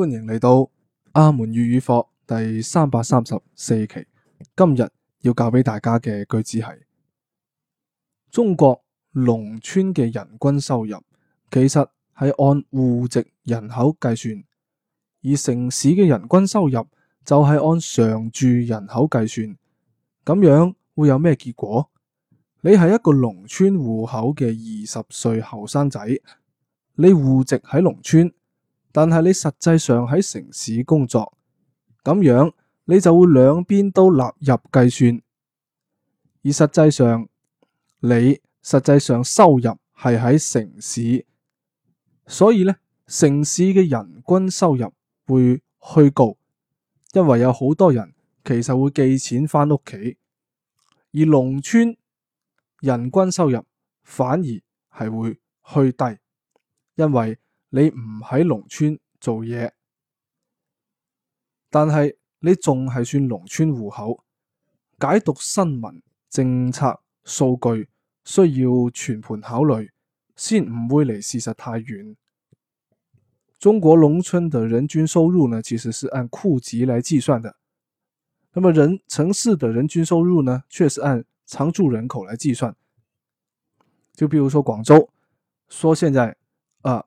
歡迎嚟到阿門粵語課第三百三十四期。今日要教俾大家嘅句子係：中國農村嘅人均收入其實係按戶籍人口計算，而城市嘅人均收入就係按常住人口計算。咁樣會有咩結果？你係一個農村戶口嘅二十歲後生仔，你戶籍喺農村。但係你實際上喺城市工作咁樣，你就會兩邊都納入計算，而實際上你實際上收入係喺城市，所以呢城市嘅人均收入會虛高，因為有好多人其實會寄錢翻屋企，而農村人均收入反而係會虛低，因為。你唔喺農村做嘢，但係你仲係算農村戶口。解讀新聞政策數據需要全盤考慮，先唔會離事實太遠。中國農村的人均收入呢，其實是按戶籍來計算的。那麼人城市的人均收入呢，確實按常住人口來計算。就譬如說廣州，說現在啊。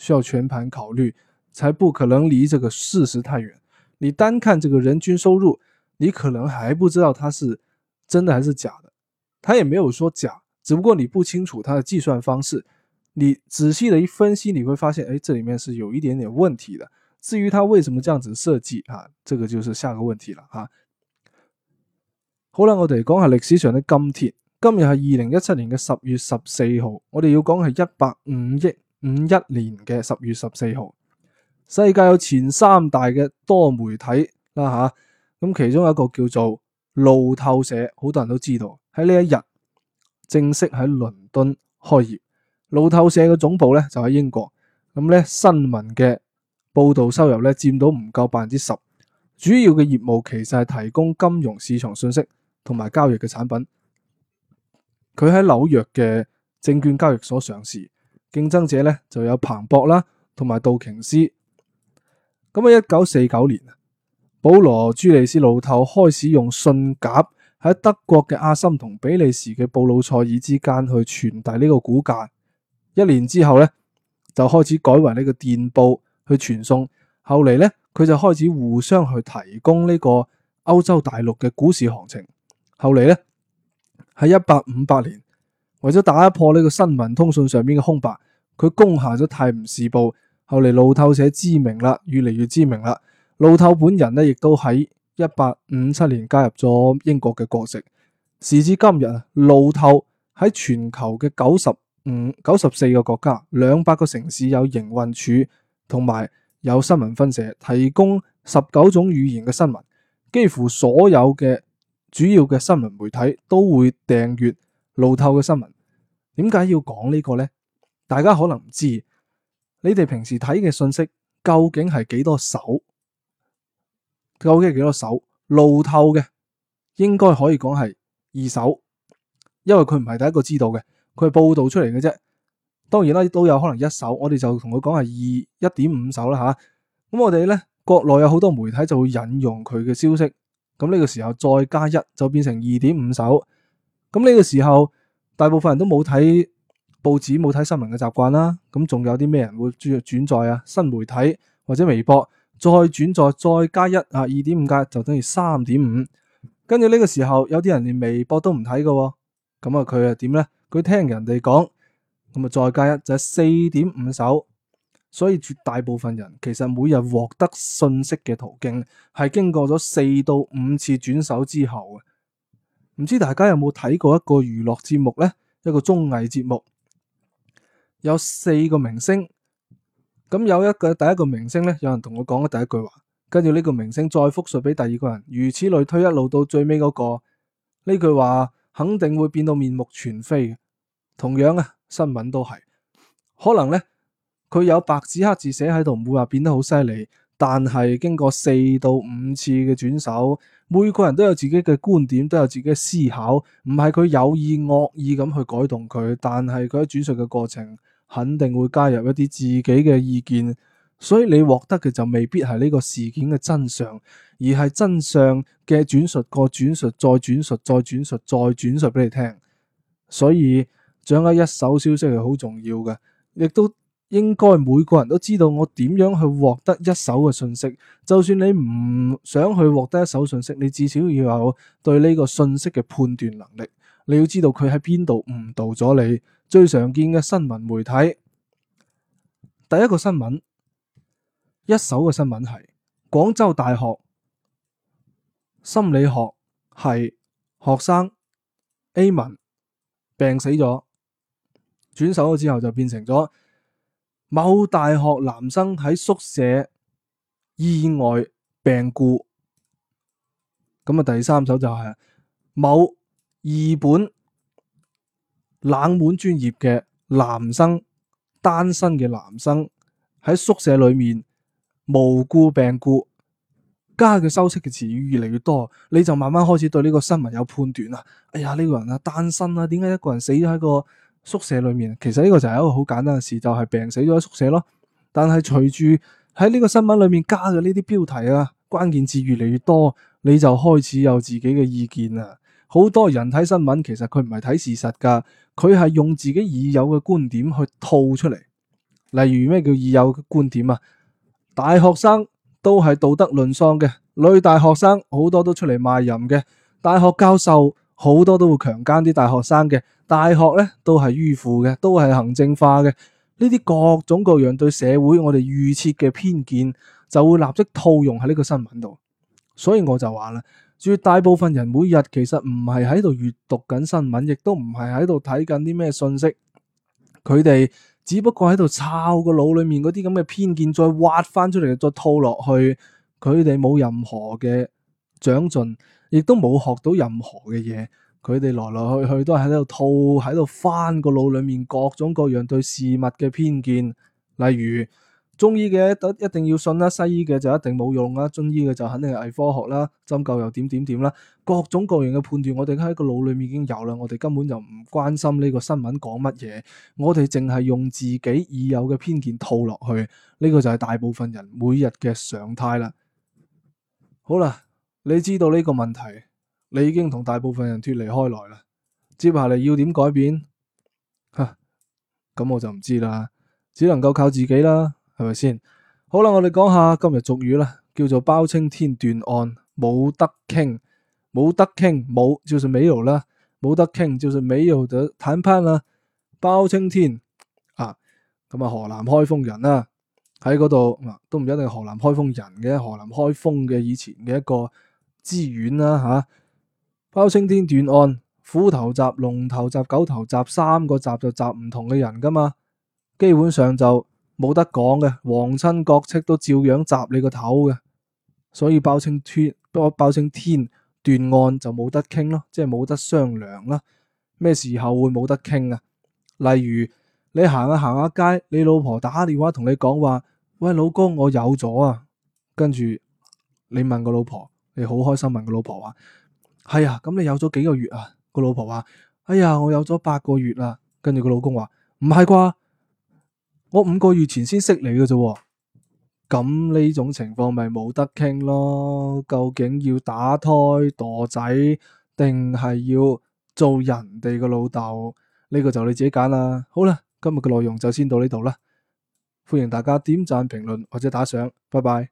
需要全盤考慮，才不可能離這個事實太遠。你單看這個人均收入，你可能還不知道它是真的還是假的。他也沒有說假，只不過你不清楚他的計算方式。你仔細的一分析，你會發現，哎，這裏面是有一點點問題的。至於他為什麼這樣子設計啊，這個就是下個問題了啊。好啦，我哋講下歷史上的今天。今日係二零一七年嘅十月十四號，我哋要講係一百五億。五一年嘅十月十四號，世界有前三大嘅多媒體啦吓，咁、啊、其中一個叫做路透社，好多人都知道喺呢一日正式喺倫敦開業。路透社嘅總部咧就喺英國，咁咧新聞嘅報道收入咧佔到唔夠百分之十，主要嘅業務其實係提供金融市場信息同埋交易嘅產品。佢喺紐約嘅證券交易所上市。競爭者咧就有彭博啦，同埋道瓊斯。咁喺一九四九年，保羅朱利斯路透開始用信鴿喺德國嘅阿森同比利時嘅布魯塞爾之間去傳遞呢個股價。一年之後咧，就開始改為呢個電報去傳送。後嚟咧，佢就開始互相去提供呢個歐洲大陸嘅股市行情。後嚟咧，喺一八五八年。為咗打破呢個新聞通訊上面嘅空白，佢攻下咗泰晤士報，後嚟路透社知名啦，越嚟越知名啦。路透本人咧，亦都喺一八五七年加入咗英國嘅國籍。時至今日，路透喺全球嘅九十五、九十四個國家、兩百個城市有營運處，同埋有，有新聞分社，提供十九種語言嘅新聞。幾乎所有嘅主要嘅新聞媒體都會訂閱。路透嘅新聞，點解要講呢個呢？大家可能唔知，你哋平時睇嘅信息究竟係幾多手？究竟係幾多手？路透嘅應該可以講係二手，因為佢唔係第一個知道嘅，佢係報道出嚟嘅啫。當然啦，都有可能一手，我哋就同佢講係二一點五手啦吓。咁、啊、我哋呢國內有好多媒體就會引用佢嘅消息，咁呢個時候再加一就變成二點五手。咁呢個時候，大部分人都冇睇報紙、冇睇新聞嘅習慣啦。咁仲有啲咩人會轉轉載啊？新媒體或者微博再轉載，再加一啊，二點五加就等於三點五。跟住呢個時候，有啲人連微博都唔睇嘅，咁啊佢係點咧？佢聽人哋講，咁啊再加一就係四點五手。所以絕大部分人其實每日獲得信息嘅途徑係經過咗四到五次轉手之後唔知大家有冇睇過一個娛樂節目呢？一個綜藝節目，有四個明星，咁有一個第一個明星呢，有人同我講咗第一句話，跟住呢個明星再複述俾第二個人，如此類推一路到最尾嗰個呢句話，肯定會變到面目全非。同樣啊，新聞都係，可能呢，佢有白紙黑字寫喺度，唔會話變得好犀利。但係經過四到五次嘅轉手，每個人都有自己嘅觀點，都有自己嘅思考，唔係佢有意惡意咁去改動佢，但係佢喺轉述嘅過程，肯定會加入一啲自己嘅意見，所以你獲得嘅就未必係呢個事件嘅真相，而係真相嘅轉述，個轉述，再轉述，再轉述，再轉述俾你聽，所以掌握一手消息係好重要嘅，亦都。應該每個人都知道我點樣去獲得一手嘅信息。就算你唔想去獲得一手信息，你至少要有對呢個信息嘅判斷能力。你要知道佢喺邊度誤導咗你。最常見嘅新聞媒體，第一個新聞，一手嘅新聞係廣州大學心理學系學生 A 文病死咗，轉手咗之後就變成咗。某大學男生喺宿舍意外病故，咁啊第三手就係某二本冷門專業嘅男生，單身嘅男生喺宿舍裏面無故病故，加嘅修飾嘅詞語越嚟越多，你就慢慢開始對呢個新聞有判斷啦。哎呀呢個人啊單身啊，點解一個人死咗喺個宿舍裏面，其實呢個就係一個好簡單嘅事，就係病死咗喺宿舍咯。但係隨住喺呢個新聞裏面加嘅呢啲標題啊、關鍵字越嚟越多，你就開始有自己嘅意見啦。好多人睇新聞，其實佢唔係睇事實噶，佢係用自己已有嘅觀點去套出嚟。例如咩叫已有嘅觀點啊？大學生都係道德淪喪嘅，女大學生好多都出嚟賣淫嘅，大學教授。好多都會強姦啲大學生嘅大學咧，都係迂腐嘅，都係行政化嘅。呢啲各種各樣對社會我哋預設嘅偏見，就會立即套用喺呢個新聞度。所以我就話啦，絕大部分人每日其實唔係喺度閱讀緊新聞，亦都唔係喺度睇緊啲咩信息。佢哋只不過喺度抄個腦裡面嗰啲咁嘅偏見，再挖翻出嚟，再套落去。佢哋冇任何嘅長進。亦都冇學到任何嘅嘢，佢哋來來去去都喺度套，喺度翻個腦裏面各種各樣對事物嘅偏見，例如中醫嘅一定要信啦，西醫嘅就一定冇用啦，中醫嘅就肯定係偽科學啦，針灸又點點點啦，各種各樣嘅判斷，我哋喺個腦裏面已經有啦，我哋根本就唔關心呢個新聞講乜嘢，我哋淨係用自己已有嘅偏見套落去，呢個就係大部分人每日嘅常態啦。好啦。你知道呢個問題，你已經同大部分人脱離開來啦。接下嚟要點改變，吓，咁我就唔知啦，只能夠靠自己啦，係咪先？好啦，我哋講下今日俗語啦，叫做包青天斷案冇得傾，冇得傾冇就算、是、沒有啦，冇得傾就算、是、沒有就談判啦。包青天啊，咁啊河南開封人啦，喺嗰度嗱都唔一定係河南開封人嘅，河南開封嘅以前嘅一個，資源啦吓，包青天斷案，虎頭閘、龍頭閘、狗頭閘三個閘就閘唔同嘅人噶嘛，基本上就冇得講嘅，皇親國戚都照樣閘你個頭嘅，所以包青天，不過包青天斷案就冇得傾咯，即係冇得商量啦。咩時候會冇得傾啊？例如你行下行下街，你老婆打電話同你講話，喂，老公我有咗啊，跟住你問個老婆。你好開心問個老婆話係啊，咁、哎、你有咗幾個月啊？個老婆話：哎呀，我有咗八個月啦、啊。跟住個老公話：唔係啩？我五個月前先識你嘅啫。咁、嗯、呢種情況咪冇得傾咯？究竟要打胎墮仔，定係要做人哋嘅老豆？呢、呢個就你自己揀啦。好啦，今日嘅內容就先到呢度啦。歡迎大家點讚、評論或者打賞。拜拜。